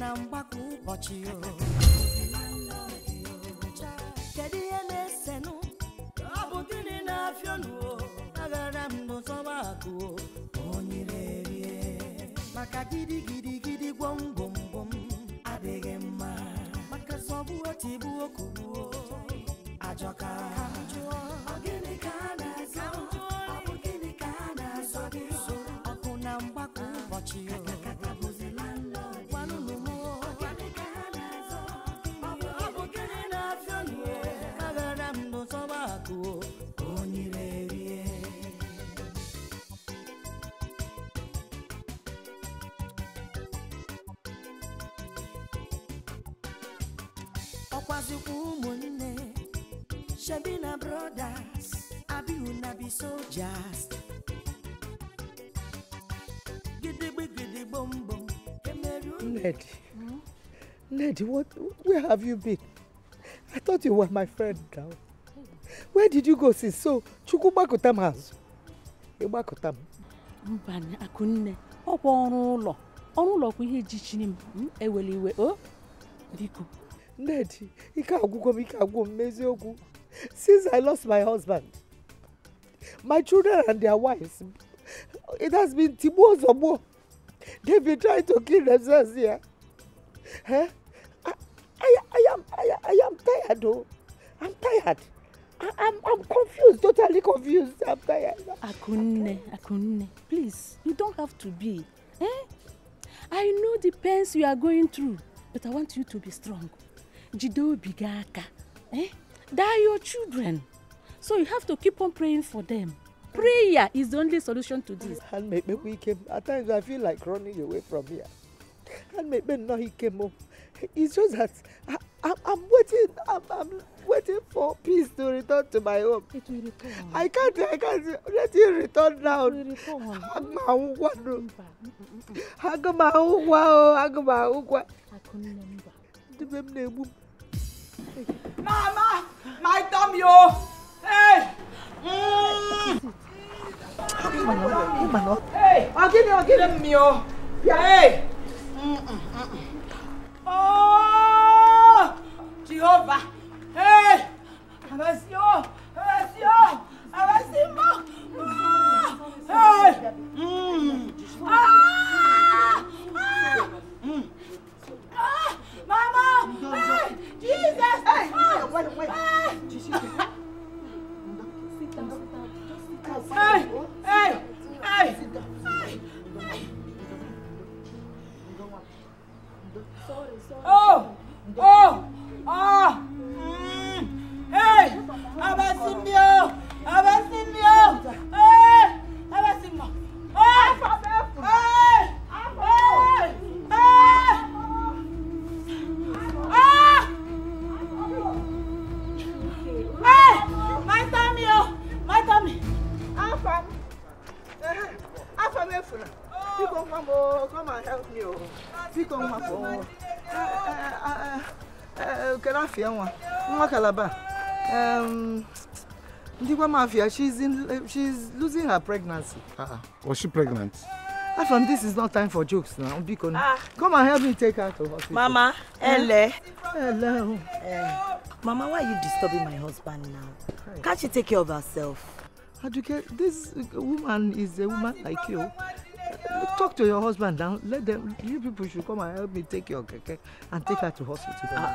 na mgbakọ ụbọchị o, kedu ihe na-esenụ ọ bụ gịnị na-afịọnụ aghara m n'ụzọba akụ onyere rie maka gidigidigidi gidi gidi gwọmgwọm adịghị mma maka zọbụ otigbu okugbuo ajọka ọ gịnị ka a na-azọ ọ bụ gịnị ka a na-azọ gị ọkụ na mgbakọ ụbọchị o. Lady. Hmm? Lady, what? Where have you been? I thought you were my friend now. Where did you go since? So, Chukwu Gbakutam house. Gbakutam. Mbani, Akunne. Ọ bụ ọrụ ụlọ. Ọrụ ụlọ kwa ihe jichiri m. Hmm, Ewela iwe. O? Biko. Nnedi, ike agwụgo m ike agwụ m n'eziokwu. Since I lost my husband, my children and their wives, it has been Tigbuo Zọgbuo. They be trying to kill themselves here. Huh? I, I, I am I, I am tired though. I'm tired. I, I'm I'm confused, totally confused. I'm tired. Akunne, Akunne, please, you don't have to be. Eh? I know the pains you are going through, but I want you to be strong. Jido bigaka. Eh? They are your children. So you have to keep on praying for them. Prayer is the only solution to this. And maybe we came. At times I feel like running away from here. And maybe now he came home. It's just that I, I, I'm waiting. I'm, I'm waiting for peace to return to my home. It will return. I can't. I can't let it return now. It will return. Agumahungwa no. Agumahungwa oh. Agumahungwa. Akunlemba. Dibem nebum. Mama, my tummy oh. Hey. Ọ̀gídẹ̀ ọ̀gídẹ̀ mi ọ̀ bíà ẹ̀. Jehova ẹ̀ àbẹ̀sí Hey, àbẹ̀sí ọ̀ àbẹ̀sí mọ̀ ẹ̀ Mama! Hey! Jesus! Hey! wait, wait, Hey! Oh! Oh! Oh! Mm. Hey! Abasinmi o! Hey! Abasinmi o! counselor. Biko Mambo, come and help me. Biko I. Kalafia nwa. Nwa Kalaba. Um, Ndigwa Mafia, she's, in, she's losing her pregnancy. Uh -uh. Was she pregnant? Afam, this is not time for jokes now. Biko, ah. come and help me take her to hospital. Mama, Ele. Eh? Hello. Uh, eh. Mama, why are you disturbing my husband now? Can't she take care of herself? Aduke, this woman is a woman like you. Talk to your husband now. Let them. You people should come and help me take your keke and take her to hospital. Ah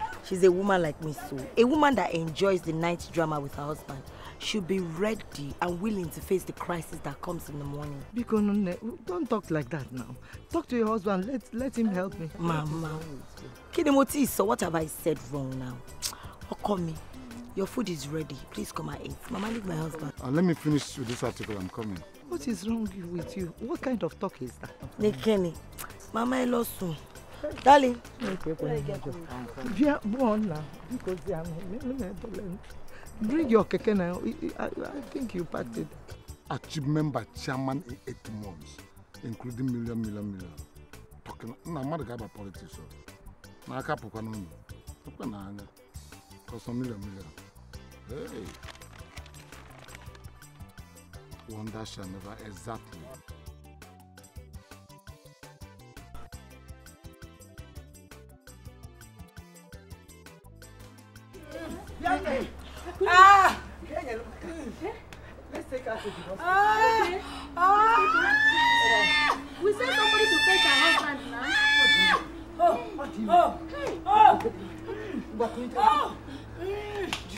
ah, she's a woman like me, so a woman that enjoys the night drama with her husband should be ready and willing to face the crisis that comes in the morning. Biko, don't talk like that now. Talk to your husband. Let let him help me. Mama, Kidimoti, so what have I said wrong now? Call me. Your food is ready. Please come and eat. Mama, leave my husband. Uh, let me finish with this article. I'm coming. What is wrong with you? What kind of talk is that? Nekeni, Mama, I lost soon. Darling. Bring your keke now. I, think you packed it. Achievement member, chairman in eight months, including million, million, million. Talking, no, I'm not a guy about politics. I'm not a guy about politics. I'm not a guy about politics. I'm not a guy about Hey. Wonder shall exactly. Ah! Let's take her to the hospital. Ah! Ah! We sent somebody to fetch her husband now. Oh! Oh! Oh! Oh! Oh!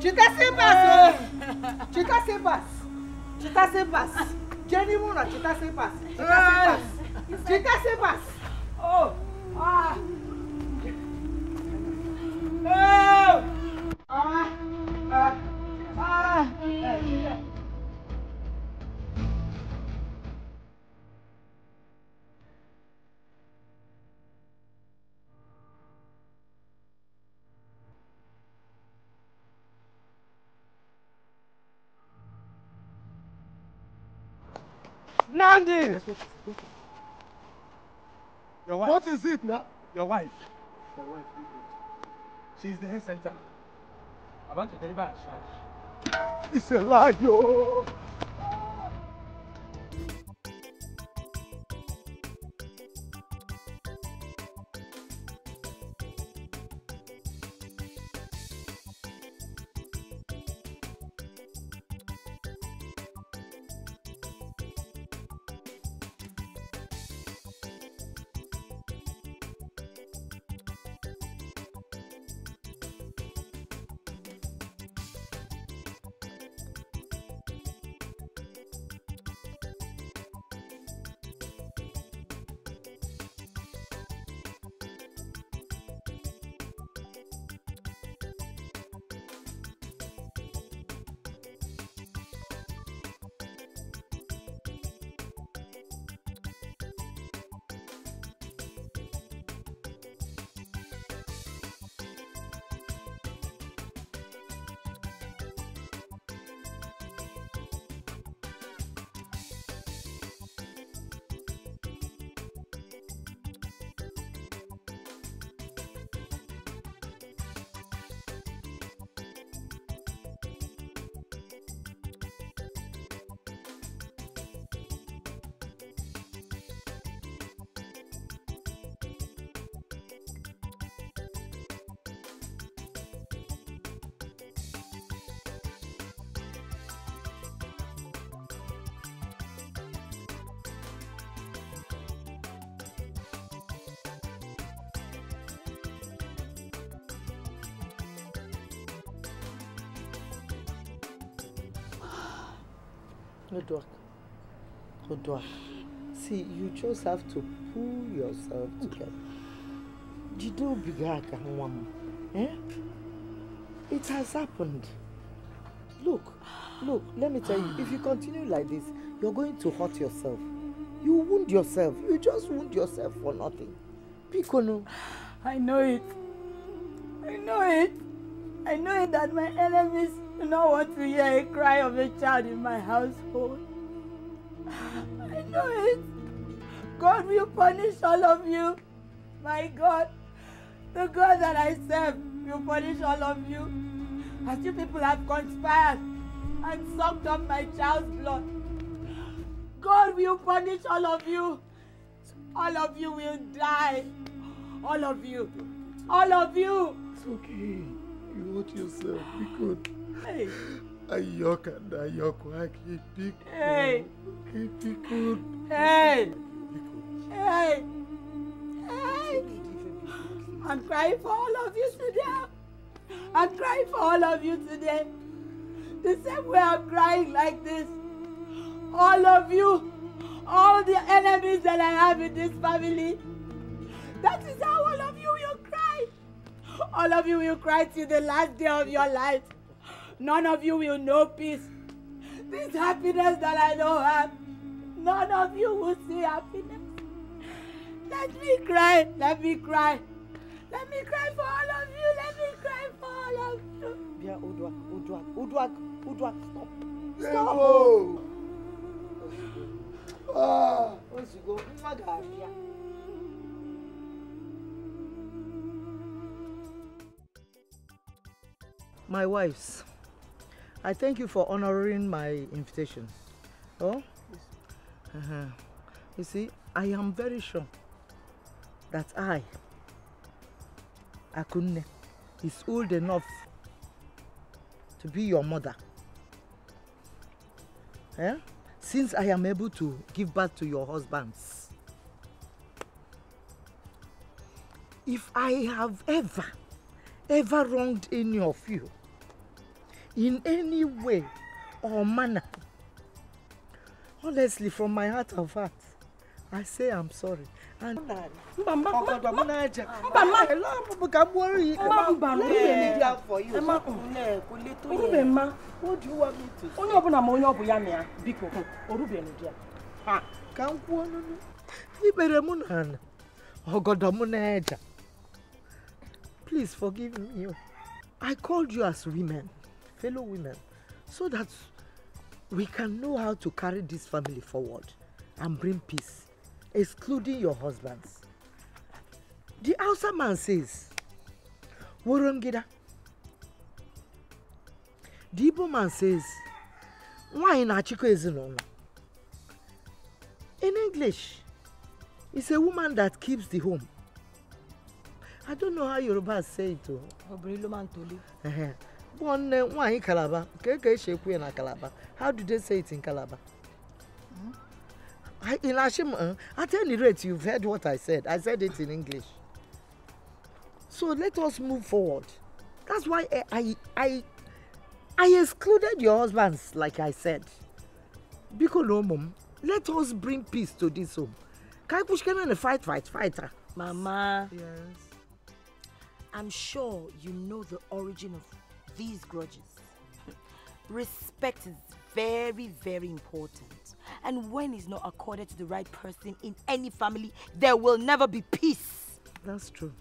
Tu Chita Sebas! Chita Sebas! Chita Sebas! Jenny Muna, tu Sebas! Chita Sebas! Chita Sebas! Oh! Ah! Oh! Ah! Ah! Ah! Eh, landing! Your wife. What is it now? Your wife. Your wife. She's the head center. I want to deliver a charge. It's a lie, yo! Good work. Good work. See, you just have to pull yourself together. you obi gị aka nwa Eh? It has happened. Look, look, let me tell you, if you continue like this, you're going to hurt yourself. You wound yourself. You just wound yourself for nothing. no. I know it. I know it. I know it that my enemies do not want to hear a cry of a child in my household. I know it. God will punish all of you. My God, the God that I serve will punish all of you. As you people have conspired and sucked up my child's blood, God will punish all of you. All of you will die. All of you. All of you. It's okay. You hurt yourself. Be good. and Ayoka na Ayoko akipiko. Hey. Kipiko. Hey. Hey. Hey. I'm crying for all of you today. I'm crying for all of you today. The same way I'm crying like this. All of you, all the enemies that I have in this family. That is how all of you will cry. All of you will cry till the last day of your life. None of you will know peace. This happiness that I know have, none of you will see happiness. Let me cry. Let me cry. Let me cry for all of you. Let me cry for all of you. Bien, Oudouak, Oudouak, Oudouak, Oudouak, stop. Stop. Ah. Once you go, Magabia. My wives, I thank you for honoring my invitation. Oh? Uh-huh. You see, I am very sure that I, Akunne, is old enough to be your mother. Yeah, Since I am able to give birth to your husbands. If I have ever, ever wronged any of you, in any way or manner. Honestly, from my heart of heart, I say I'm sorry. And Mama, Mama, Mama, Mama, what do you want me to say? Onye ọbụla ma onye ọ bụ ya mịa biko orubeghị di ya. Ka m kwuo n'ọnụ. Ikpere mụ n'ala, ọgọdọ mụ na-eja. Please forgive me. I called you as women fellow women so that we can know how to carry this family forward and bring peace, excluding your husbands. The Hausa man says, Worongida. The Igbo man says, Why na chiko ezinụlọ? In English, it's a woman that keeps the home. I don't know how Yoruba say it. Obìnrin ló máa ń nwanne uh, nwaanyị kalaba nke ka esi ekwu ya na kalaba how do they say it in kalaba hmm? in ashim at any rate you've heard what i said i said it in english so let us move forward that's why eh, i i i, excluded your husbands like i said biko na ụmụ m let us bring peace to this home ka anyị kwụchikere na fight fight fighter mama yes. i'm sure you know the origin of these grudges. Respect is very, very important. And when it's not accorded to the right person in any family, there will never be peace. That's true.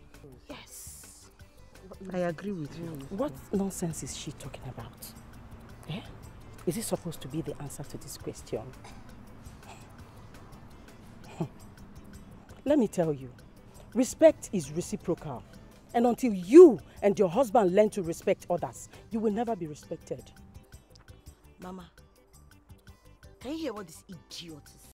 Yes. I agree with you. What nonsense is she talking about? Eh? Is this supposed to be the answer to this question? Let me tell you, respect is reciprocal. And until you and your husband learn to respect others, you will never be respected. Mama, can you hear what this idiot is saying?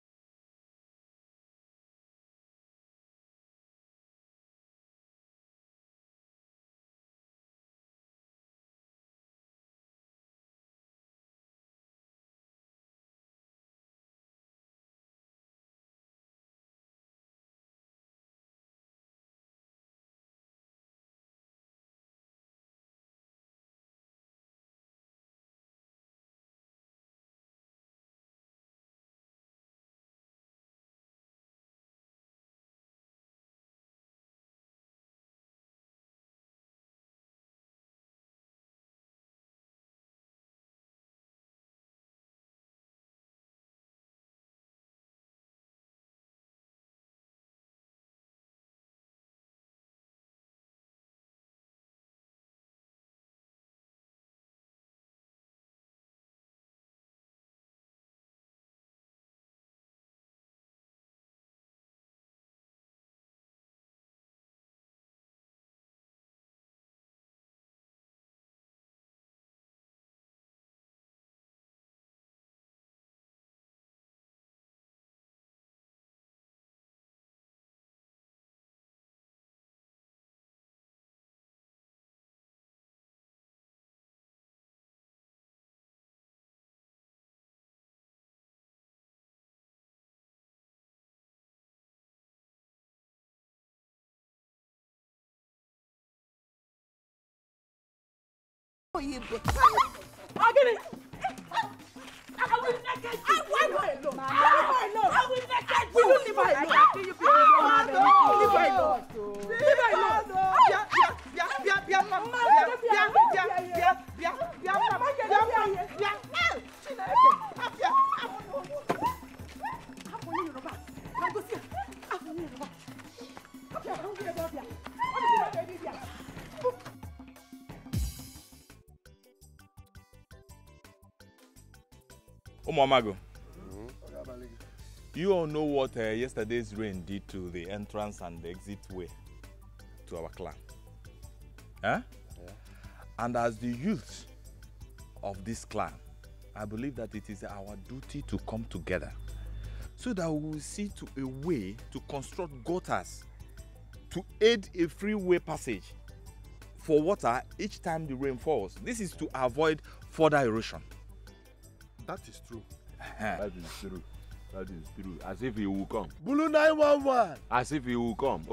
yimbe I will naked you. I will not alone. you. You leave her alone. Leave her alone. Leave her alone. Bia bia bia bia mama bia bia bia bia bia Umomago, mm -hmm. you all know what uh, yesterday's rain did to the entrance and the exit way to our clan. Huh? Yeah. And as the youth of this clan, I believe that it is our duty to come together so that we will see to a way to construct gutters to aid a freeway passage for water each time the rain falls. This is to avoid further erosion. That is true. that is true. That is true. As if he will come. Bulu 911. As if he will come.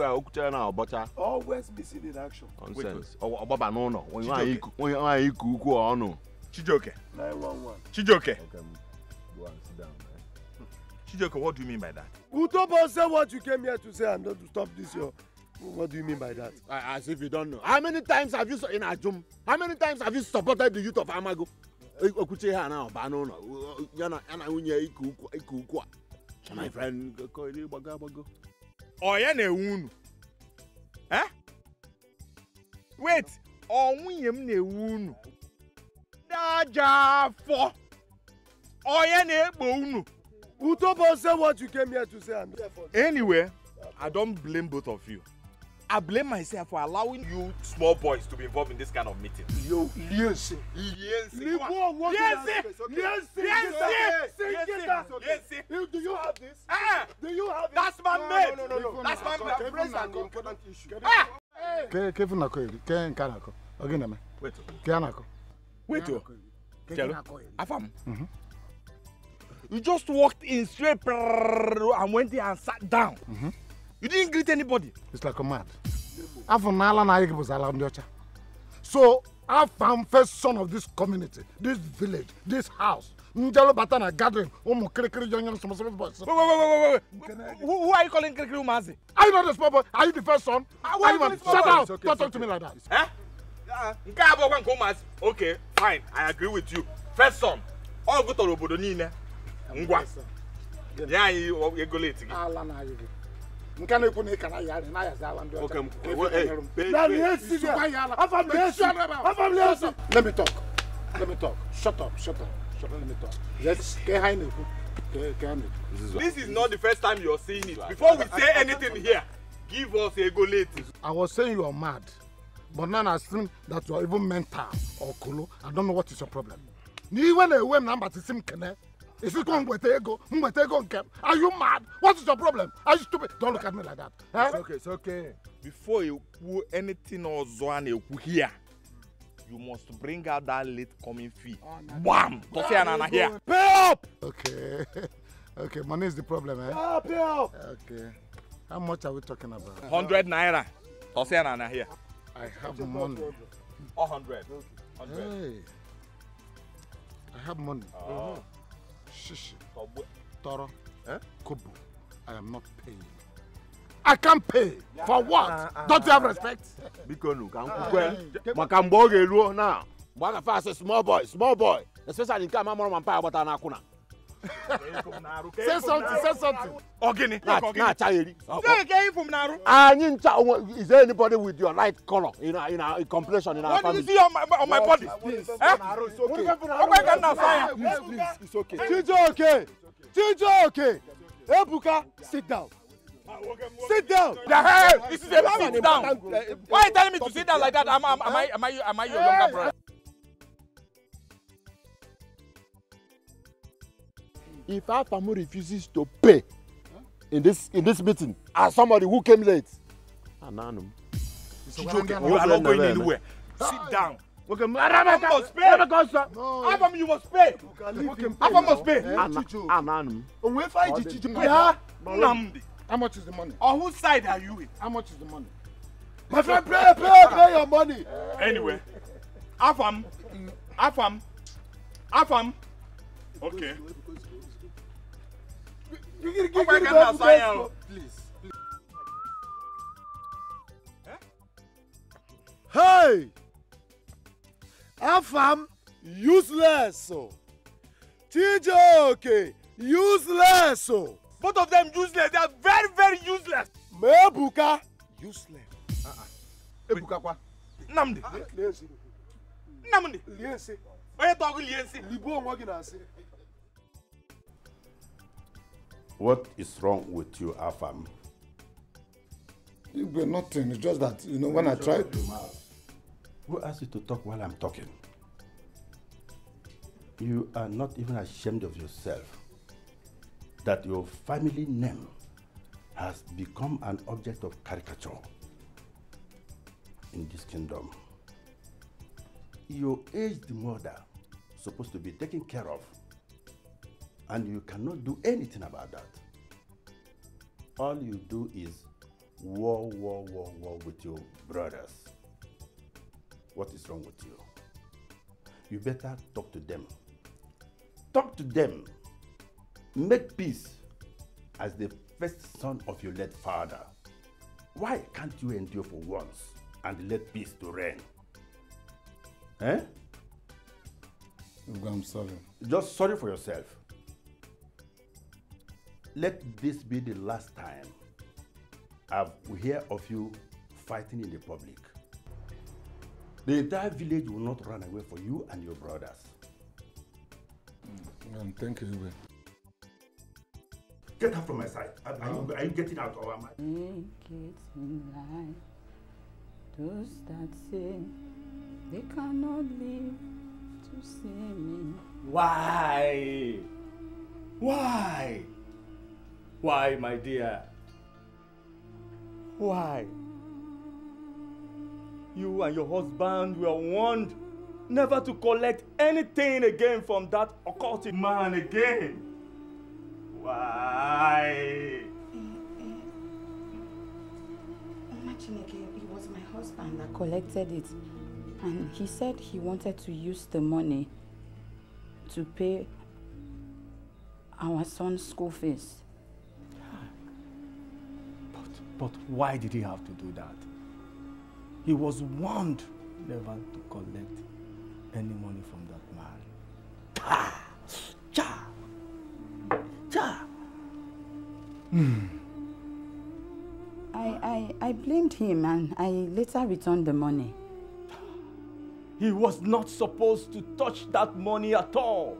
Eh, Always be seen in action. Nonsense. Obaba oh, oh, no no. When you are iku, when you are iku uku or no. Chijoke. 911. Chijoke. Okay, go and sit down. Man. Chijoke, what do you mean by that? Utobo say what you came here to say and not to stop this your What do you mean by that? As if you don't know. How many times have you in Ajum? How many times have you supported the youth of Amago? okwuche ihe a na-aba n'ụlọ ya na nwunye ike ukwu ọ ya na enwe unu wait ọ nwunye m na enwe unu daja afọ onye na ekpo unu uto bụ say what you came here to say anyway i don't blame both of you I blame myself for allowing you small boys to be involved in this kind of meeting. Yo, Liense. Liense. Libo, what Liense. Liense. Liense. Liense. Liense. Do you have this? Eh. Do you have this? That's my mate. No, no, no, no. That's my mate. Raise an important issue. Ah. Ke ke funa ko iri. Ke nka na ko. Ogi na me. Wait. Ke ana ko. Wait oh. o. Chelo. Afam. Mhm. You just walked in straight and went there and sat down. Mm-hmm. You didn't greet anybody. It's like a mad. Afọ n'ala na anyị gị ala ndị ọcha. So afọ am first son of this community, this village, this house. Njalo bata na gathering ụmụ kirikiri young young small small boys. Wait, wait, wait, wait, Who, are you calling kirikiri ụmụazị? Are you not the small boy? Are you the first son? Uh, are you not? Shut up! Don't talk to me like that. Eh? Nke a bụkwa nke ụmụazị. Okay, fine, I agree with you. First son, ọ gụtọrọ obodo niile. Ngwa. Ya anyị ego leti gị. Ala na anyị nke na-ekwu na ịkara ya na ya zala ndị ọcha e- let me talk let me talk shut up shut up shut up let me talk yes ke ha na-ekwu ke ha na-ekwu this is not the first time you are saying it before we say anything here give us a go late i was saying you are mad but now i assume that you are even mental or kolo i don't know what is your problem n'iwe na-ewe m na mbatisi m Is it Isikwa ngweta ego, ngweta ego camp? Are you mad? What is your problem? Are you stupid? Don't look at me like that. Eh? It's okay, it's okay. Before you pull anything or zone, you ekwu here, you must bring out that late coming fee. Oh, Bam! Tọsi ya nana here. Pay up! Okay. Okay, money is the problem, eh? Pay ah, up, pay up! Okay. How much are we talking about? 100 naira. Tọsi ya nana here. I have money. Or 100. 100. Hey. I have money. Oh. Mm -hmm shishi, toro, eh? kobo. I am not paying. I can't pay. For what? Ah, ah, Don't you have ah, respect? Biko nu ka nkwukwe. Maka mgbe ọ ga-eruo na. Mgbe a ga-afa asị small boy, small boy. Especially nke a ma mụrụ ma mpa ya gbata n'akwụna say something say something. ọgini na acha eri. say oh, oh. again from naru. Ah, is there anybody with your light color in our in our complexion in our family. what do you see on my on my body. Eh? okay. Tijo, okay. Tijo, okay. Hey, ebuka sit down. Sit down. The hell! This is a sit down. Why are you telling me to sit down like that? Am, am, am I am I am I your younger brother? if Afamu refuses to pay in this in this meeting as somebody who came late. Ananum. Chijoke, you are not going anywhere. Sit down. Okay, Afamu must pay. Afamu, you must pay. Afamu must pay. Ananum. Onwe fa iji Chijoke. Yeah. Namdi. How much is the money? On whose side are you with? How much is the money? My friend, pay, pay, pay your money. Anyway, Afam, Afam, Afam. Okay ọpẹ kẹta sáyẹn o please. hey afam useless o okay, useless both of them useless they are very very useless. mebuka useless. Uh-uh. ebuka kwa. nnamdi ah, nnamdi onye tọgụ togu nsị. Libo onwe gị na-asị. What is wrong with you, Afam? Igwe, nothing. It's just that, you know, when I tried... Who asked you to talk while I'm talking? You are not even ashamed of yourself that your family name has become an object of caricature in this kingdom. Your aged mother supposed to be taken care of and you cannot do anything about that. All you do is war, war, war, war with your brothers. What is wrong with you? You better talk to them. Talk to them. Make peace as the first son of your late father. Why can't you endure for once and let peace to reign? Eh? I'm sorry. Just sorry for yourself let this be the last time I hear of you fighting in the public. The entire village will not run away for you and your brothers. Mm, mm thank you, Iwe. Get out from my side. Are, are, you, are you getting out of am I? Make it in life. Those that sin, they cannot live to see me. Why? Why? Why, my dear? Why? You and your husband were warned never to collect anything again from that occult man again. Why? again! it was my husband that collected it. And he said he wanted to use the money to pay our son's school fees. But why did he have to do that? He was warned never to collect any money from that man. Cha! Cha! Cha! I, I, I blamed him and I later returned the money. He was not supposed to touch that money at all.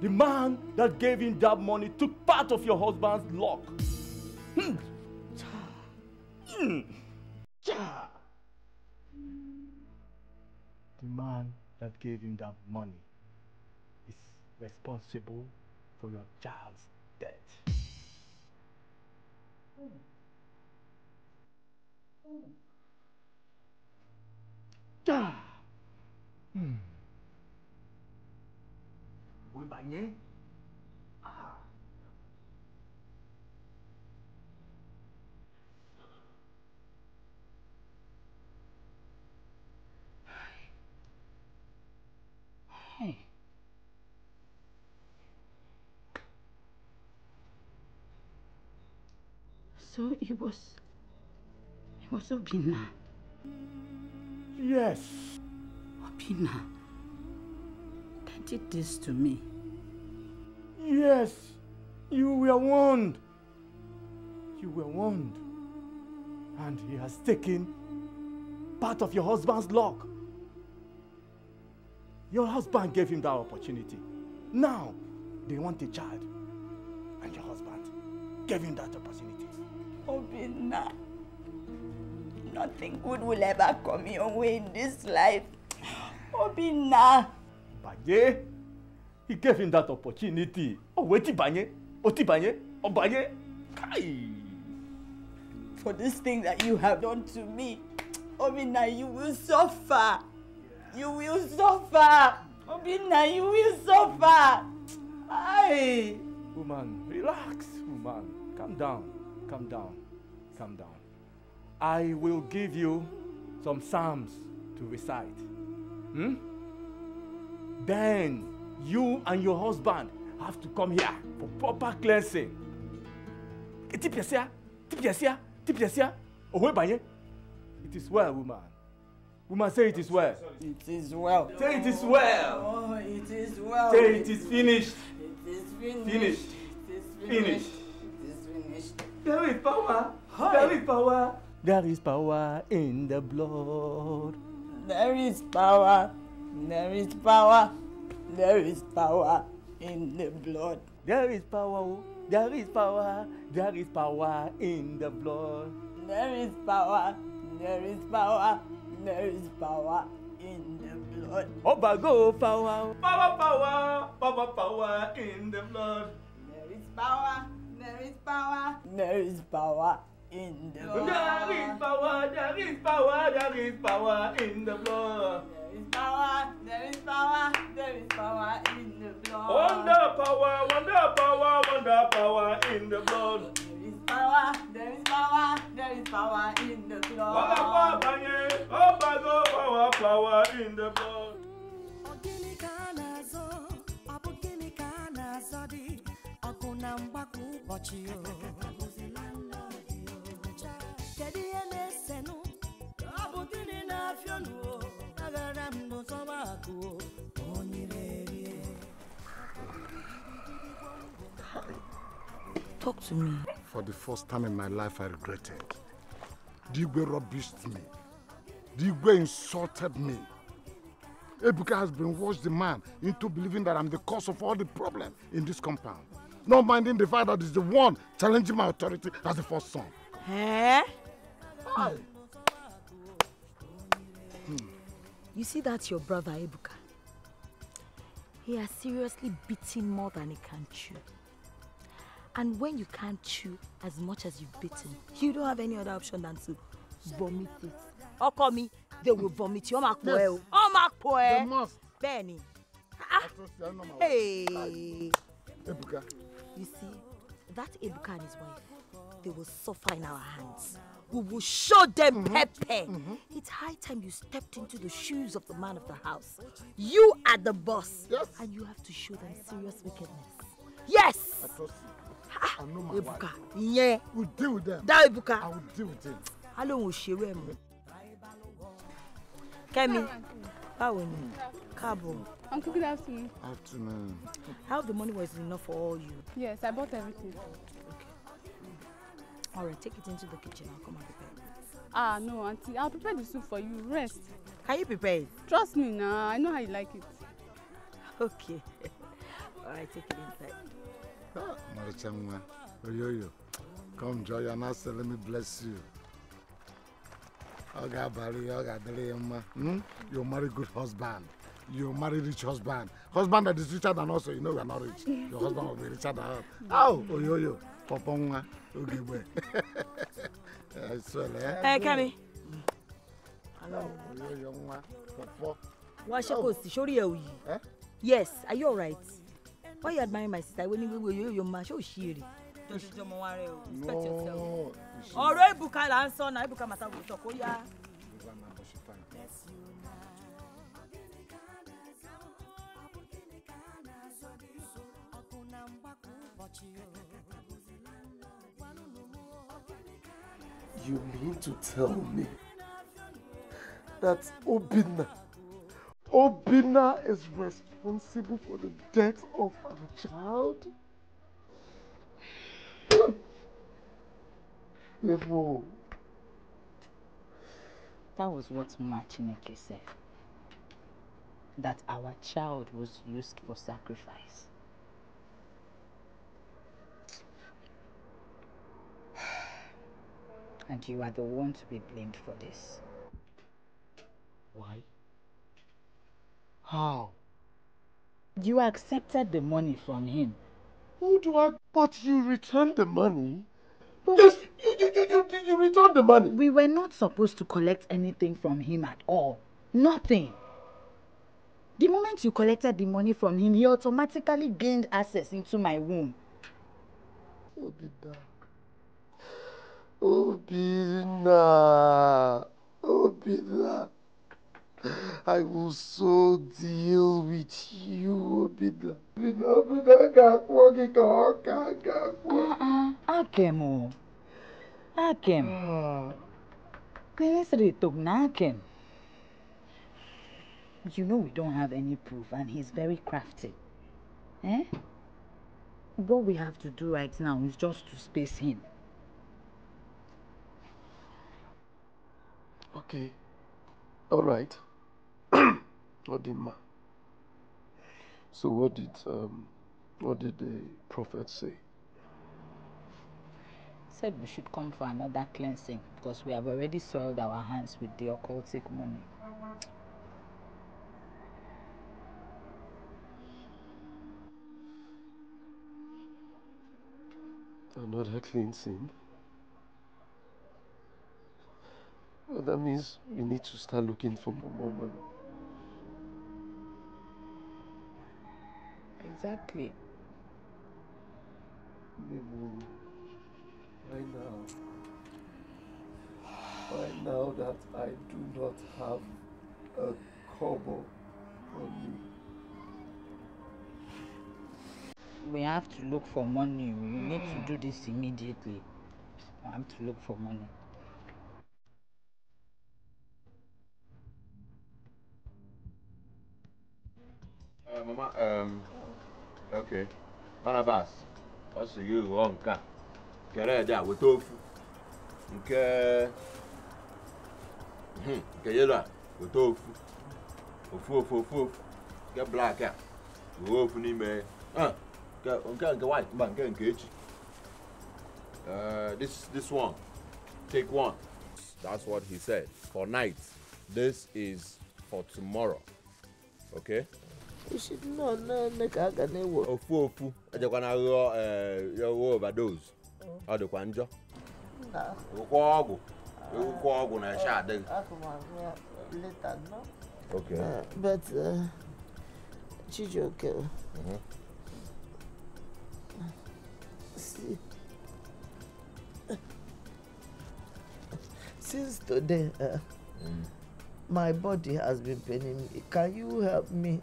The man that gave him that money took part of your husband's luck. Hmm. Mm. The man that gave him that money is responsible for your child's death. So it was, it was Obina. Yes. Obina, that did this to me. Yes, you were warned. You were warned. And he has taken part of your husband's luck. Your husband gave him that opportunity. Now, they want a child. And your husband gave him that opportunity. Obinna, nothing good will ever come your way in this life. Obinna. Banye, he gave him that opportunity. Oh, wait, Banye, Oti Banye, Oh, Banye. Oh, Kai. For this thing that you have done to me, Obinna, you will suffer. You will suffer. Obinna. you will suffer. Aye. Woman, relax, woman. Calm down. Calm down. Calm down. I will give you some psalms to recite. Hmm? Then you and your husband have to come here for proper cleansing. It is well, woman. We must say it is well. It is well. Say it is well. Oh, it is well. Say it is finished. It is finished. Finished. It is finished. It is finished. There is power. Hi. There is power. There is power in the blood. There is power. There is power. There is power in the blood. There is power. There is power. There is power in the blood. There is power. There is power there is power in the blood. Oba oh, go power. Power, power, power, power in the blood. There is power, there is power, there is power in the blood. There is power, there is power, there is power in the blood. There is power, there is power, there is power in the blood. Wonder power, wonder power, wonder power in the blood. power, there is power, there is power in the blood. Power, power, oh, power, power, power in the blood. ọkụ na mgba kwa ụbọchị kedu ihe na-esenụ ọ bụ gịnị na-afịọnụ aghara m n'ụzọ akụ Talk to me. For the first time in my life, I regretted. Digwe rubbished me. Digwe insulted me. Ebuka has been brainwashed the man into believing that I'm the cause of all the problem in this compound. Not minding the fact that he's the one challenging my authority as the first son. Eh? Hi. Hmm. You see, that's your brother, Ebuka. He has seriously beaten more than he can chew. And when you can't chew as much as you've bitten, you don't have any other option than to vomit it. Or call me, they will vomit you. Ọmọ àpò ẹ oh, Ọmọ àpò ẹ. They must. Ah. Hey. Ebuka. You see, that Ebuka and his wife, they will suffer in our hands. We will show them mm -hmm. pepe. Mm -hmm. It's high time you stepped into the shoes of the man of the house. You are the boss. Yes. And you have to show them serious wickedness. Yes. I trust you. Ah, ebuka ìyẹn dá ebuka a lóun ò ṣerú ẹ mọ́ kẹ́mi báwo ni káàbọ̀. uncle good afternoon. afternoon. How the money was enough for all you. yes i bought everything. okay all right take it into the kitchen and come and prepare. ah no aunty i prepare the soup for you rest. can you prepare it. trust me na i know how you like it. okay all right take it inside. Marichemwe, Oyoyo, come join your master, let me bless you. Oga Bari, Oga Delema, hmm? you marry good husband. You marry rich husband. Husband that is richer than us, so you know we are not rich. Your husband will be richer than us. Oh, Oyoyo, Poponwa, Ogibwe. I swear, eh? Hey, Kemi. Hello. yo Nwa, Popo. Wá ṣe kò sí sórí ẹ̀ òyì. Eh? Yes, are you alright? why you admiring my sister wey ni wey wey yóò máa ṣé ò ṣí èrè. jọjọjọ mo sọ náà ìbùkà màtá kò sọ kó yá. You mean to tell me that Obina, Obina is responsible? responsible for the death of our child? Evo. That was what Machineke said. That our child was used for sacrifice. And you are the one to be blamed for this. Why? How? You accepted the money from him. Who do I... But you returned the money? But yes, you, you, you, you, you returned the money. We were not supposed to collect anything from him at all. Nothing. The moment you collected the money from him, he automatically gained access into my womb. Obina. Obina. Obina. I will so deal with you, Obidla. Obidla can't walk it all, can't, can't walk. Ah, uh-uh. ah, Akem, oh. Akem. Ah. Where's Akem? You know we don't have any proof and he's very crafty. Eh? What we have to do right now is just to space him. Okay. All right. Odima. So what did um, what did the prophet say? Said we should come for another cleansing because we have already soiled our hands with the occultic money. Another cleansing? Well, that means we need to start looking for more money. Exactly. I know. I know that I do not have a kobo on you. We have to look for money. We need to do this immediately. I have to look for money. Uh, Mama, um, Okay. Barnabas, ọ sị you ghọọ nke Get kere ede a weta ofu nke nke yelo a weta ofu ofu ofu ofu ofu nke blak a ghọọ Huh? Get nke nke white mba nke nke Uh, this this one take one that's what he said for night this is for tomorrow okay nnọọ nne ka aga ga na-ewo ofu ofu ejekwana ghụọ ewe overdose ọ dịkwa njọ ụkwọ ọgwụ ụkwọ ọgwụ na eche adịghị but uh, Chijioke uh, mhm. since today uh, mm. my body has been paining me can you help me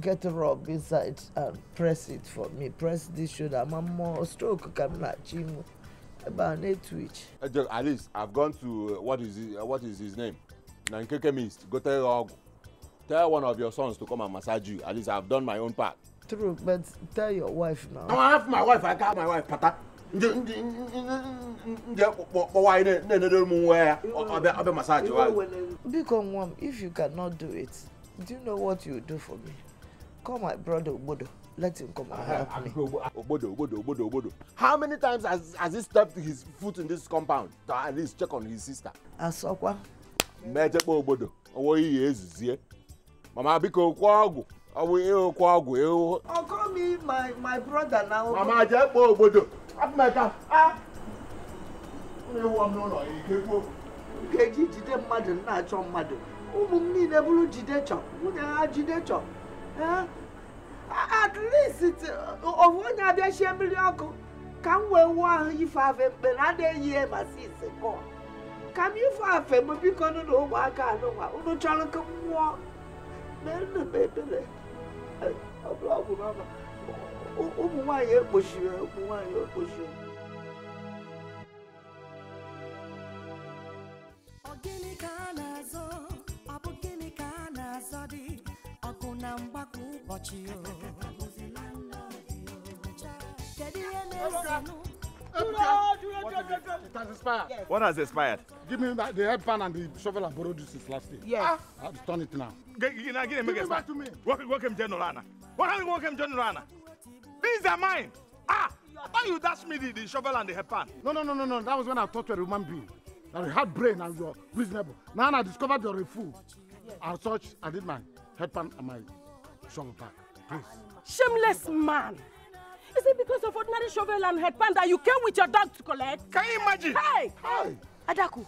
get rub inside and press it for me press this shoulder my mo stroke come kamina chimu about eight twitch. ẹ jọ at least i've gone to uh, what is his, uh, what is his name na nkeke means go tell your tell one of your sons to come and massage you at least i've done my own part. true but tell your wife now. i wan help my wife i got my wife pata nje nje nje kpọwa anyị na-enedere m nwa ya ọbịa massage wa. biko nwa m if you cannot do it do you know what you do for me. call my brother Obodo. Let him come and help me. Obodo, Obodo, Obodo, Obodo. How many times has, has he stepped his foot in this compound to at least check on his sister? Asokwa. Mejekpo Obodo. Ọwọ́ iyi ezuzie. Mama biko okwu ọgwụ. Ọwụ ịhụ e, okwu ọgwụ ịhụ. E, oh, call me my, my brother now. Mama jekpo Obodo. Apụmeka. Ah! Onye wụọ m n'ụlọ, ike kwuo. Nkeji jide mmadụ na-achọ mmadụ. Ụmụ m niile bụrụ jide chọ. Nwunye ha jide chọ. at least ọwụ onye abịa sie mmiri ọkụ ka m wee wụọ ahụ ife afe mkpe na ada eyi ya masị ise kọ ka m ife afe m biko nụ na ụmụaka anụnwa unu chọrọ ka m nwụọ mee nna m ebere ụmụ nwaanyị ekpochiri ụmụ nwaanyị ekpochiri Gịnị ka a na-azọ ọ bụ gịnị ka a na-azọ dị ọkụ na mgba ụbọchị kedu It has expired. Yes. What has expired? Give me back the head pan and the shovel I borrowed you since last day. Yes. Ah. I've done it now. G give give me back to me. Welcome, welcome General Anna. Welcome, welcome General Anna. These are mine. Ah, I thought you dashed me the, the shovel and the head pan. No, no, no, no, no. That was when I thought you were a human being. That you had brain and you're reasonable. Now I discovered you're a fool. Yes. As such, I did mine. Help Aunt Amai shovel back, please. Shameless man! Is it because of ordinary shovel and headband that you came with your dog to collect? Can you imagine? Hey! Hey! Adaku,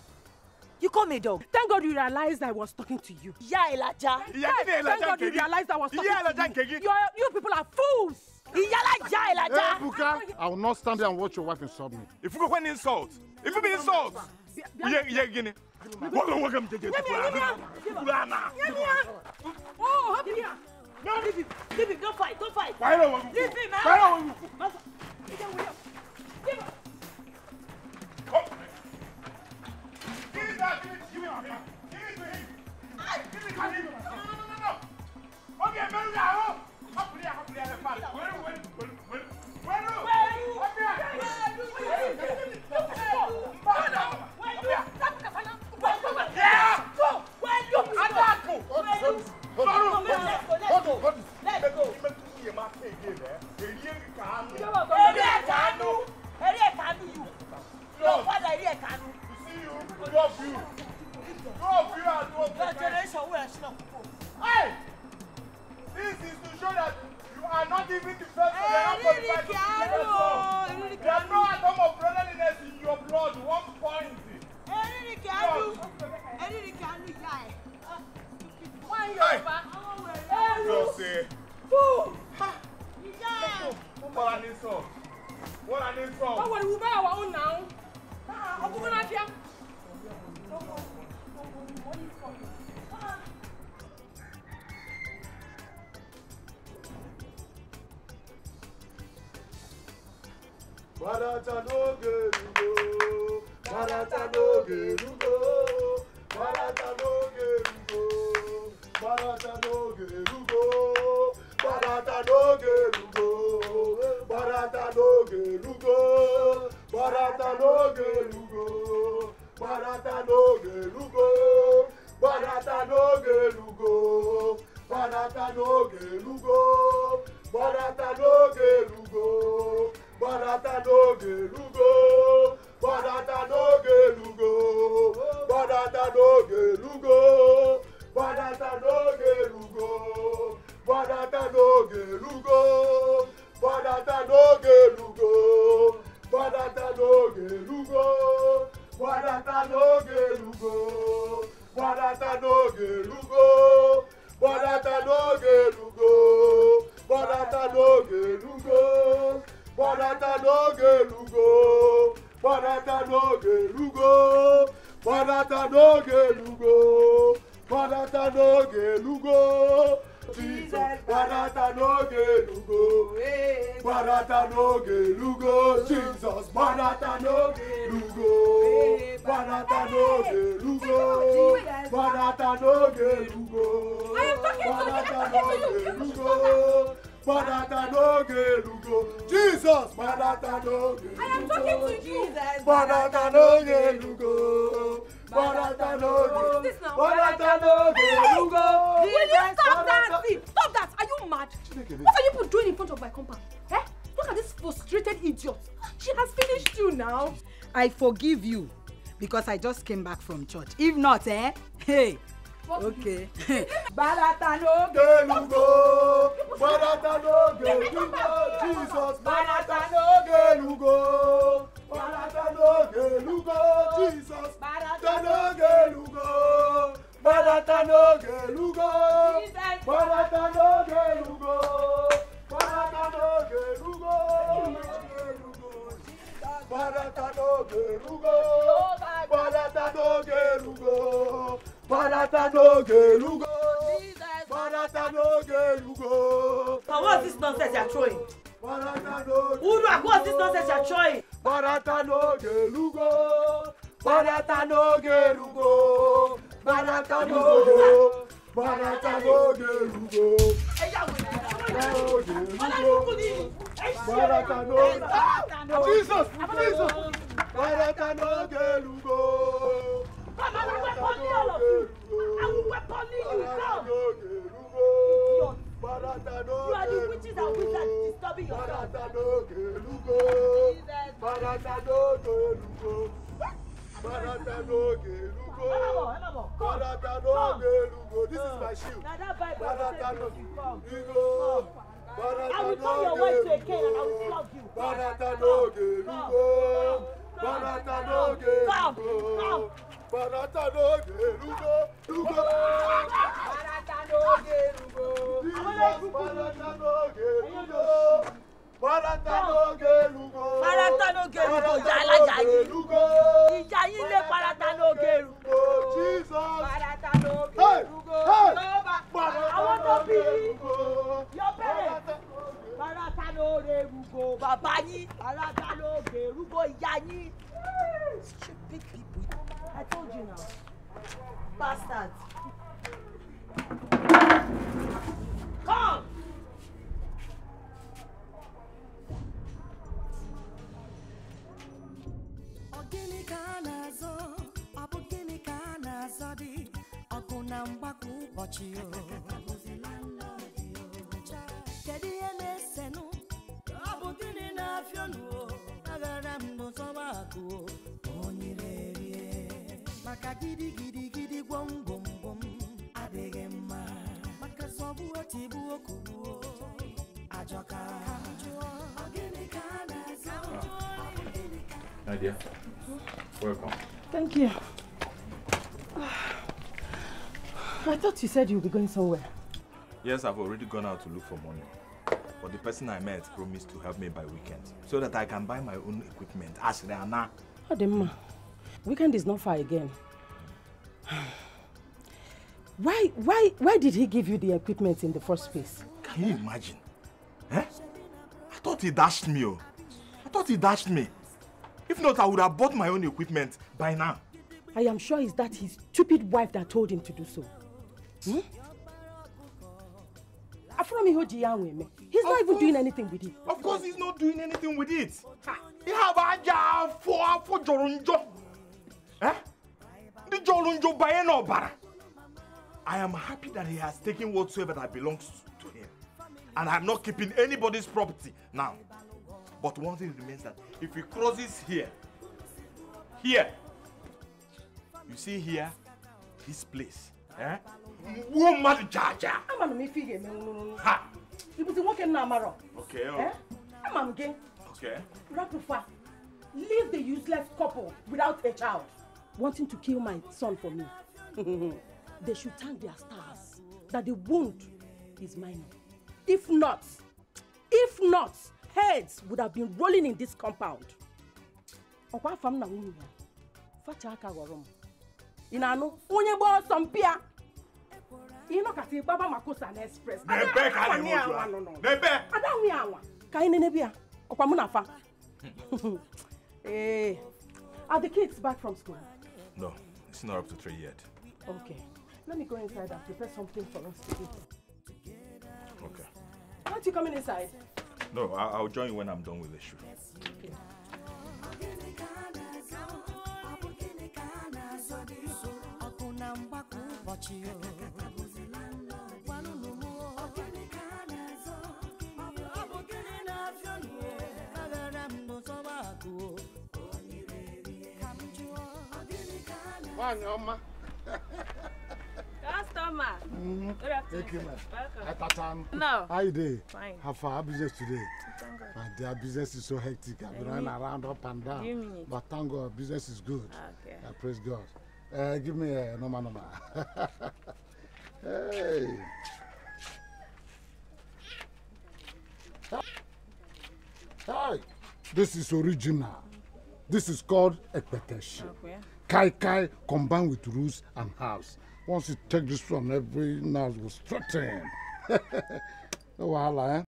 you call me dog. Thank God you realized I was talking to you. Yeah, Elijah. Yeah, hey, yeah, thank God you realized I was talking yeah, to you. you. Are, you people are fools. Elijah, Elijah. Hey, Buka, I will not stand there and watch your wife insult me. If you go insult, if you be insult, yeah, yeah, yeah, Welcome, welcome, take it. Kulana. Oh, happy. No, leave him. Leave him. Don't fight. Don't fight. Why not? Leave him, man. Why not? Leave him. Leave him. Oh. Give it that. Give it. Give it to him. Give it to him. Give it to him. No, no, no, no, no. Okay, man, now. How could I? How could I? Hold on, hold on, hold on. Let's go. Èrí ẹ̀kánú. Èrí ẹ̀kánú. Èrí ẹ̀kánú yìí. Your father èrí ẹ̀kánú. You see you, two of you. Two of you are two of you. Your generation will have seen Hey! This is to show that you are not even the first of the unqualified to be the There is no atom of brotherliness in your blood. One point. Èrí ẹ̀kánú. Èrí ẹ̀kánú yà ẹ̀ wọ́n Yorùbá ẹrú fún ìyá. wọ́n wà ní sọ wọ́n wà ní sọ. wọ́n wọ̀ ìwú báyà wà ó nà án ọkùnrin náà fíà. Barata n'oge rugo, barata n'oge rugo, barata n'oge rugo barata no erugo barata no erugo barata no erugo barata no erugo barata no erugo barata no erugo barata no erugo barata no erugo barata no erugo barata n'oge erugo barata n'oge erugo. Bwadata n'oge lugo, bwadata n'oge lugo, bwadata n'oge lugo, bwadata n'oge lugo, bwadata n'oge lugo, bwadata n'oge lugo, bwadata n'oge lugo, bwadata n'oge lugo, bwadata n'oge lugo, bwadata n'oge lugo, lugo. Banata n'oge lugo. Jesus, banata n'oge lugo. Banata n'oge lugo. Jesus, banata n'oge lugo. Banata n'oge lugo. Banata n'oge lugo. Banata n'oge lugo. Madata Jesus, I am talking to Jesus. Madata Will you stop that? Stop that! Are you mad? What are you doing in front of my compound? Eh? Look at this frustrated idiot. She has finished you now. I forgive you because I just came back from church. If not, eh? Hey. Okay. Barata Banata no girl, you know Jesus. Banata no girl, you go. Banata no girl, you go, Jesus. Banata no girl, you go. Banata no girl, you go. Jesus! no girl, you go. Banata no girl, you go. Banata Jesus! girl, you go. Banata no girl, you go. Banata no girl, you go. Banata no girl, you go. What this nonsense you're throwing? Uduak, what's this nonsense you're throwing? Barata no gelugo, barata no gelugo, barata no barata no gelugo. Barata no Jesus, Jesus. Barata no gelugo. Come on, I will weapon you, I will weapon you, you go. You are the witches and wizards disturbing your daughter. This is my shield. Now that vibe Baratanoge. I will turn your wife to a king and I will flog you. Baratanoge. Baratanoge. Come. Come. Come. Barata no gerugo, rugo. Barata no gerugo. Jesus, barata no gerugo. Barata no gerugo. Barata no gerugo, yàrá yàrá. Ìyá yín lé barata no gerugo. Jesus. Barata no gerugo. Àwọn tó bí yọ bẹ̀rẹ̀. Barata no gerugo, bàbá yín. Barata no gerugo, ìyá yín. պաստած։ Here. I thought you said you'd be going somewhere. Yes, I've already gone out to look for money. But the person I met promised to help me by weekend so that I can buy my own equipment. As Rihanna. Adema, oh, weekend is not far again. Why, why, why did he give you the equipment in the first place? Can you imagine? Eh? I thought he dashed me. Oh. I thought he dashed me. If not, I would have bought my own equipment by now. I am sure it's that his stupid wife that told him to do so. Hmm? He's not of even course, doing anything with it. Of course he's not doing anything with it. He have a for Jorunjo. Jorunjo Eh? I am happy that he has taken whatsoever that belongs to him. And I'm not keeping anybody's property now. But one thing remains that if he crosses here, here, you see here, this place, eh? Woman jaja. I'm a mifige me no. Ha. Ibu ti won ken na amaro. Okay. Oh. Eh? I'm a mge. Okay. Rakufa, leave the useless couple without a child, wanting to kill my son for me. they should thank their stars that the wound is mine. If not, if not, heads would have been rolling in this compound. ọkwa afọ na nwunye ya facha aka ghọrọ m ị na-anụ onye gbaa ọsọ mpịa ịnọkata ịgbaba makosa na express adanwe ya anwa ka anyị nenebe ya ọkwa mụ na afa ee are the kids back from school no it's not up to three yet okay let me go inside and prepare something for us to eat okay Why don't you coming inside No, I I'll join you when I'm done with this shoot. Okay. Nwaanyị ọma ma. Mm -hmm. Good afternoon. Thank you, ma. Welcome. No. How you doing? Fine. How far business today? Thank God. My ah, dear, business is so hectic. I've been running around up and down. Give me. But thank God, business is good. Okay. I ah, praise God. Uh, give me a number, number. hey. Hey. This is original. This is called ekpeteshi. Okay. Kai kai combined with roots and house. Once you take this from every nostril straight to No, oh, I lying.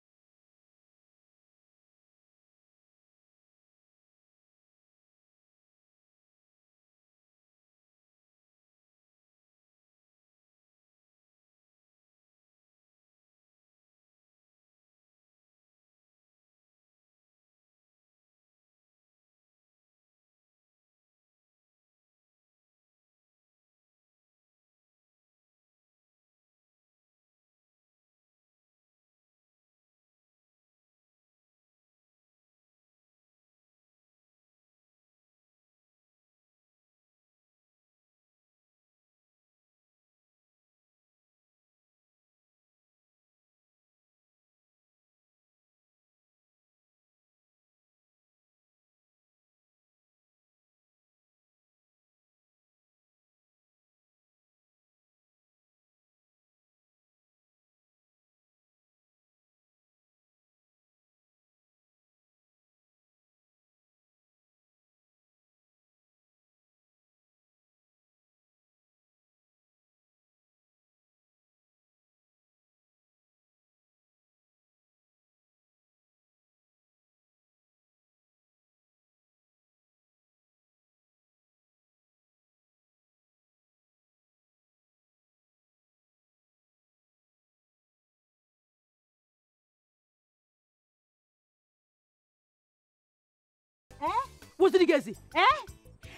What did you Wosigezi, eh?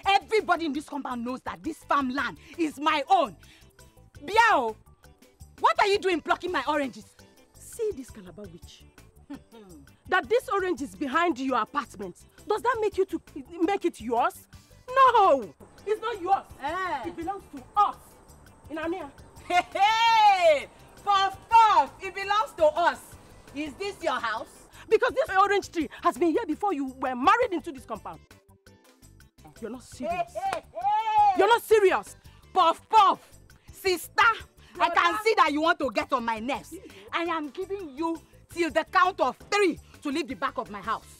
Everybody in this compound knows that this farmland is my own. Biao, what are you doing plucking my oranges? See this Calabar witch. that this orange is behind your apartment. Does that make you to make it yours? No, it's not yours. Eh. It belongs to us in Ania. Hey, hey, puff puff! It belongs to us. Is this your house? Because this orange tree has been here before you were married into this compound. You're not serious. Hey, hey, hey. You're not serious. Puff, puff. Sister, You're I can see that you want to get on my nerves. I am giving you till the count of three to leave the back of my house.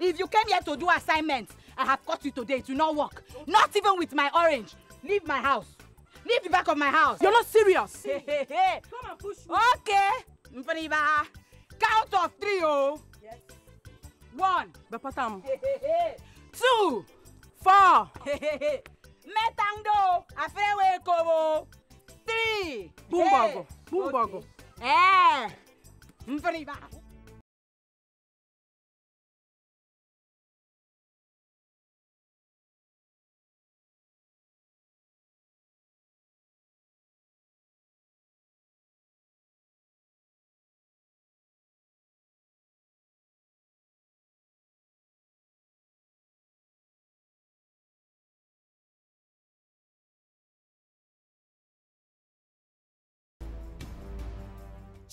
If you came here to do assignments, I have caught you today. It will not work. Not even with my orange. Leave my house. Leave the back of my house. You're not serious. Hey, hey, hey. Come and push me. Okay. Mpaniba. Count of three, oh. Yes. One. Bepatam. Two. Four. Metangdo. Afewe kobo. Three. Boom bago. Boom bago. Eh. Mfriba.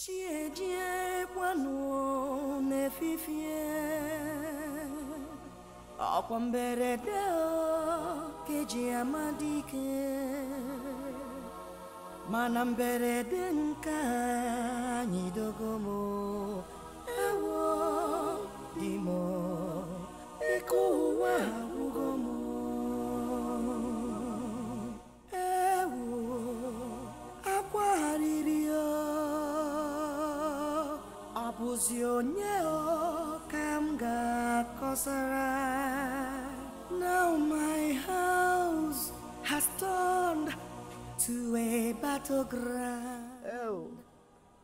ọkwa mberede keji amadike mana mberede nke anyị dogomo ewo dimo ike bụzi onye ọka ga-akọsara now my house has turned to a battleground. Oh,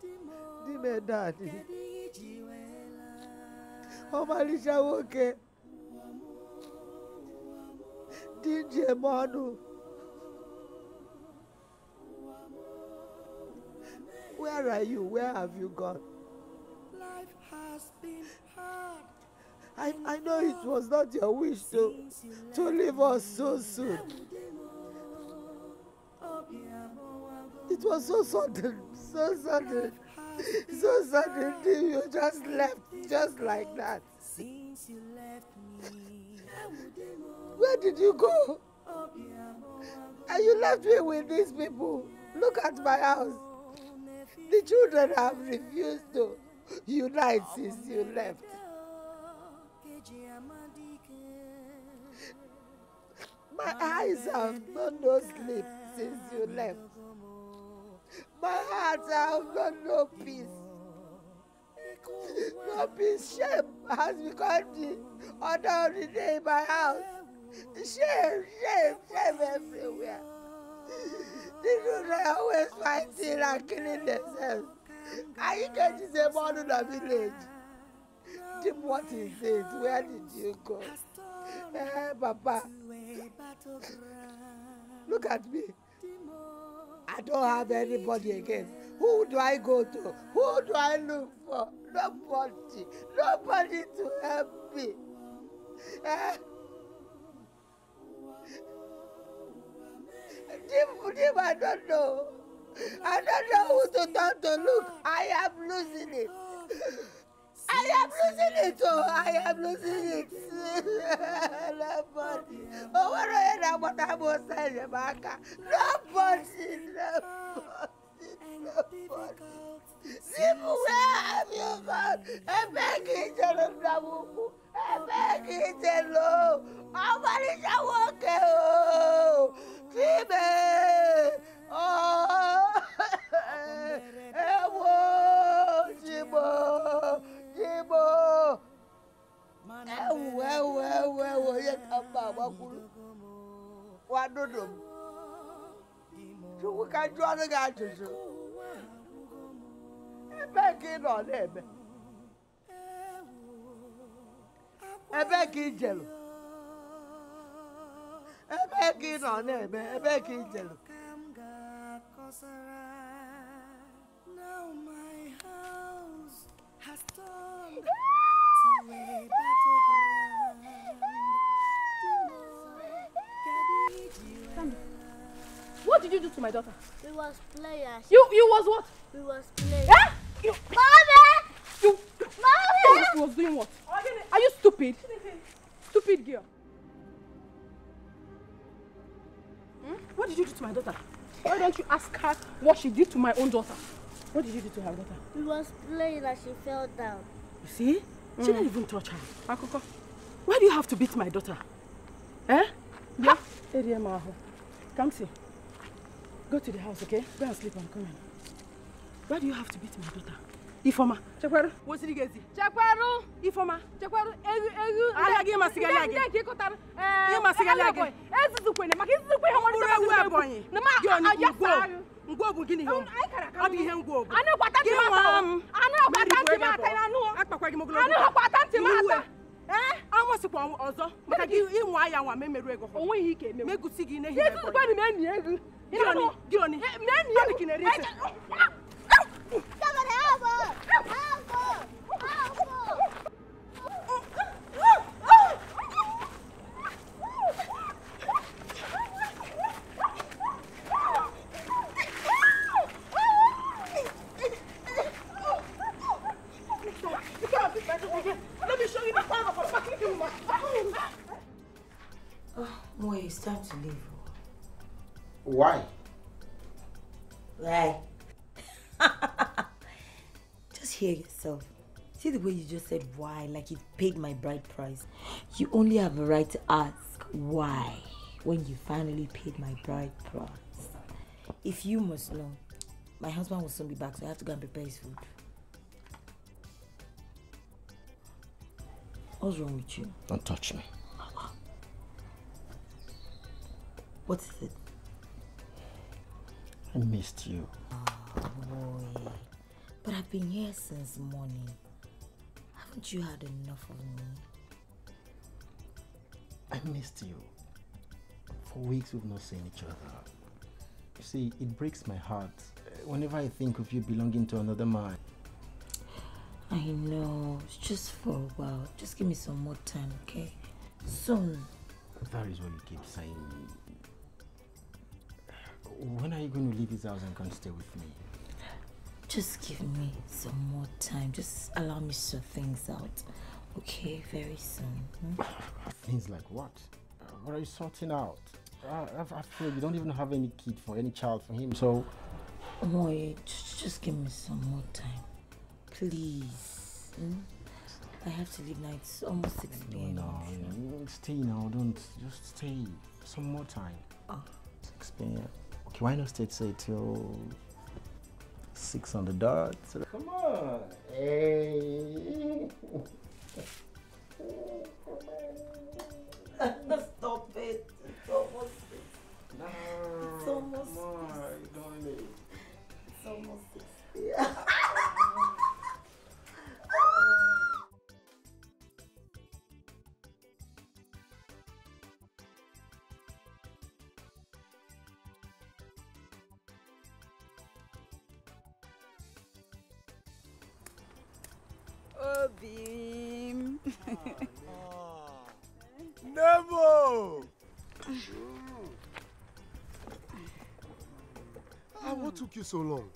di me daddy. ọmọ alisa nwoke di je ọnụ where are you where have you gone has been hard. I, I know it was not your wish to, to leave us so soon. It was so sudden, so sudden, so sudden. You just left, just like that. where did you go? And you left me with these people. Look at my house. The children have refused to you lied since you left. My eyes have got no sleep since you left. My heart has got no peace. No peace, shame has become the order of the day in my house. Shame, shame, shame everywhere. The children not always fighting and killing themselves. Are you going to say Modena village? Deep, what is it? Where did you go? Eh, Papa. Look at me. I don't have anybody again. Who do I go to? Who do I look for? Nobody. Nobody to help me. Eh? Deep, deep, I don't know. I don't know who to turn to look. I am losing it. I am losing it. Oh, I am losing it. nobody. Oh, what are you now? What am I saying, Rebecca? Nobody. Nobody. Nobody. People, where have you gone? I beg you, John. I beg you, John. How many shall walk? Oh, Timmy ẹ wo jìbò jìbò ẹ wò ẹ wò ẹ wò ẹ wò yẹ ká bá àwọn kúrú wá dòdò mu chukwu ka jụọ ọnụ gị ajụjụ ebe ka ị nọ na-eme ebe ka ị jelu ebe ka ị nọ na-eme ebe ka ị jelu What did you do to my daughter? We was players. You you was what? We was players. Huh? Eh? You mother. You Mommy! You was doing what? Are you stupid? stupid girl. Hmm? What did you do to my daughter? Why don't you ask her what she did to my own daughter? What did you do to her daughter? She was playing and she fell down. You see? Mm. She didn't mm. even touch her. Akoko, why do you have to beat my daughter? Eh? Yeah? Eriema, come see. Go to the house, okay? Go and sleep, I'm coming. Why do you have to beat my daughter? Ifoma. Chekweru. Wosiri gezi. Chekweru. Ifoma. Chekweru. Egu egu. Ala gị masigala gị. Ndị nke ịkụtara. Eh, gị masigala gị. Ezizukwe na maka izizukwe ihe nwere ewu ebonyi. Na ma ajasa ngwo bụ gịnị ihe ọ bụ ihe ngwo bụ anụ kwata ntị mata anụ kwata ntị mata ya anụ akpakwa gị mogologo anụ kwata ntị mata eh? amasịkwa ọzọ maka gị ịnwa ya nwa ma emerụ ego o nweghị ike emewu megusi gị n'ehi ego gịnị gịnị gịnị you just said why, like you've paid my bride price. You only have a right to ask why when you finally paid my bride price. If you must know, my husband will soon be back, so I have to go and prepare his food. What's wrong with you? Don't touch me. What is it? I missed you. Oh, boy. But I've been here since morning. Haven't you had enough of me? I missed you. For weeks we've not seen each other. You see, it breaks my heart whenever I think of you belonging to another man. I know, it's just for a while. Just give me some more time, okay? Soon. That is what you keep saying. When are you going to leave this house and come stay with me? just give me some more time. Just allow me to sort things out. Okay, very soon. Hmm? Things like what? Uh, what are you sorting out? Uh, I, I feel you don't even have any kid for any child for him, so. Moy, just, just give me some more time. Please. Hmm? I have to leave now. It's almost 6 p.m. No, no, stay now. Don't. Just stay. Some more time. Oh. 6 p.m. Okay, why not stay, till Six on the dot. Come on. Hey. Stop it. It's almost. No. It's almost. you so long?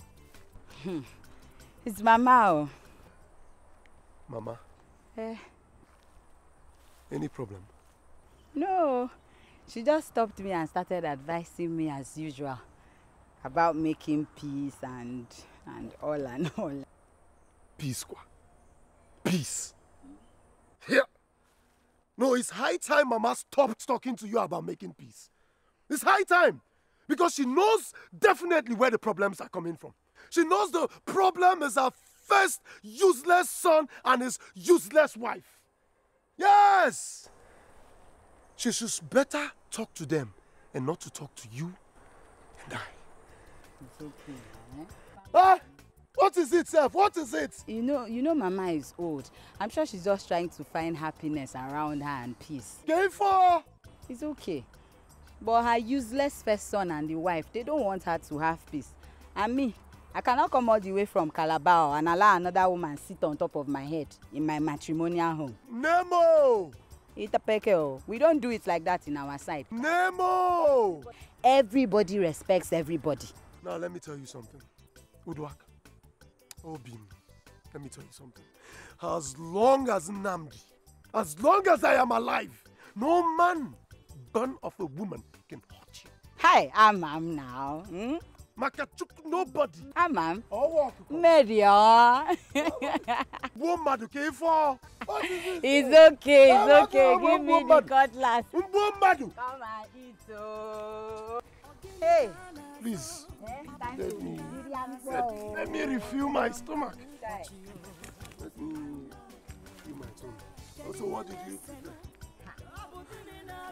Hmm. it's Mama. Mama? Eh. Any problem? No. She just stopped me and started advising me as usual about making peace and and all and all. Peace, qua. Peace. Here. Yeah. No, it's high time Mama stopped talking to you about making peace. It's high time. Because she knows definitely where the problems are coming from. She knows the problem is her first useless son and his useless wife. Yes! She should better talk to them and not to talk to you and I. It's okay, Ah! What is it, Seth? What is it? You know, you know, Mama is old. I'm sure she's just trying to find happiness around her and peace. four. it's okay. but her useless first son and the wife they don't want her to have peace and me i cannot come all the way from calabar and allow another woman sit on top of my head in my matrimonial home. nemo. itapeke o oh, we don do it like that in our side. nemo. everybody respects everybody. now let me tell you something uduak obim let me tell you something as long as nnamdi as long as i am alive no man born of a woman can hurt you. Hi, I'm mom now. Hmm? Makachuk nobody. I'm am. Oh, what? Media. Woman, okay for. It's okay, it's okay. Give me the cutlass. Woman. Come on, oh. Ito. Hey. Please. Eh, let me, let, let me refill my stomach. Let me refill my stomach. Also, what did you prepare?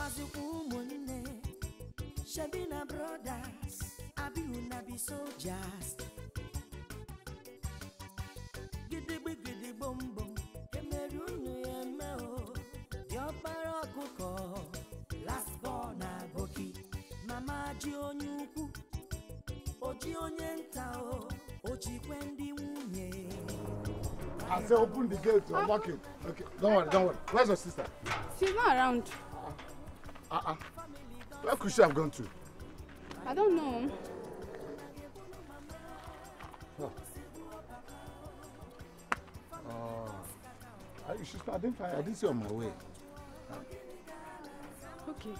kwazikwa ụmụnne shebi brothers abihu na bi soldiers gidigbi gidigbo mbọ emeri unu eme o dị ọkụkọ last born na boki mama ji onye ukwu oji onye nta o ojikwe ndị nwunye I say open the gate, I'm walking. Okay, don't worry, don't worry. Where's your sister? She's not around school she have gone to? I don't know. Oh. Uh, you should, I, didn't find, I didn't see on my way. Huh? Okay,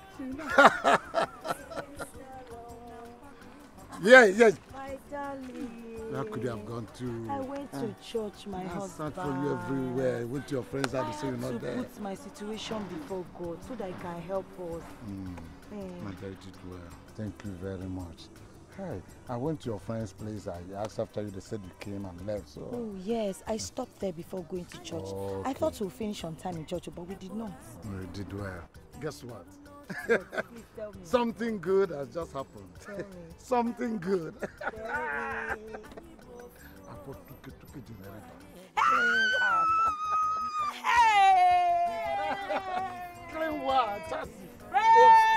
Yes, yes. My darling. Where could you have gone to? I went to uh, church, my husband. I for you everywhere. I went to your friends, I had to say you're not there. I to put my situation before God so that I can help us. Mm. Mm. did well. Thank you very much. Hi, I went to your friend's place. I asked after you. They said you came and left. So. Oh yes, I stopped there before going to church. Oh, okay. I thought we'll finish on time in church, but we did not. We did well. Guess what? Yes, oh, please tell me. Something good has just happened. Tell me. Something good. I got tuke tuke generator. Hey! Clean one, chassis. Hey!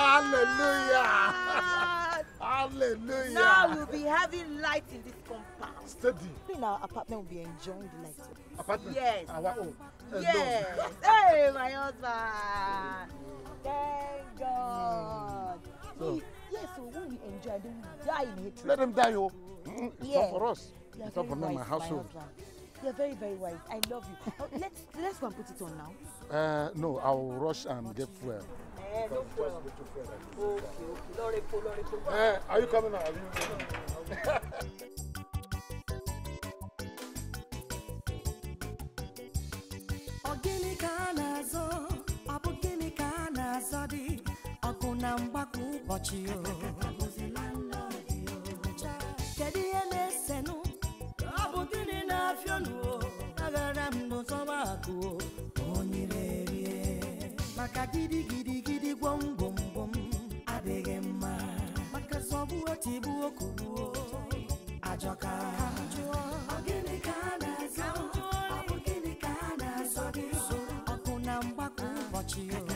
Hallelujah. Hallelujah. Now we'll be having light in this compound. Steady. In our apartment, we'll be enjoying the light. Apartment? Yes. Our own. Yes. hey, my husband. Thank God. So, he, yes, so when we enjoy, they will die in hatred. Let them die, oh. Mm, it's yeah. not for us. it's not for me, my household. You're very, very wise. I love you. oh, let's let's go and put it on now. Uh, no, I'll rush and get fuel. Well. Eh, eh, are you coming now? Are you coming? Ogini ka na-azọ, ọ bụ gịnị ka a na dị ọkụ na mgbakọ ụbọchị o. Kedu ihe na-esenụ? Ọ bụ gịnị na-afịọnụ o? Agara m n'ụzọ gbakụ Onye Maka gidigidi. gwọm gwọm gwọm adịghị mma maka sọbụ otigbu okugbuo ajọka ọ gịnị ka a na-azọ ọ bụ gịnị ka a na-azọ gị ọkụ na mgbakọ ụbọchị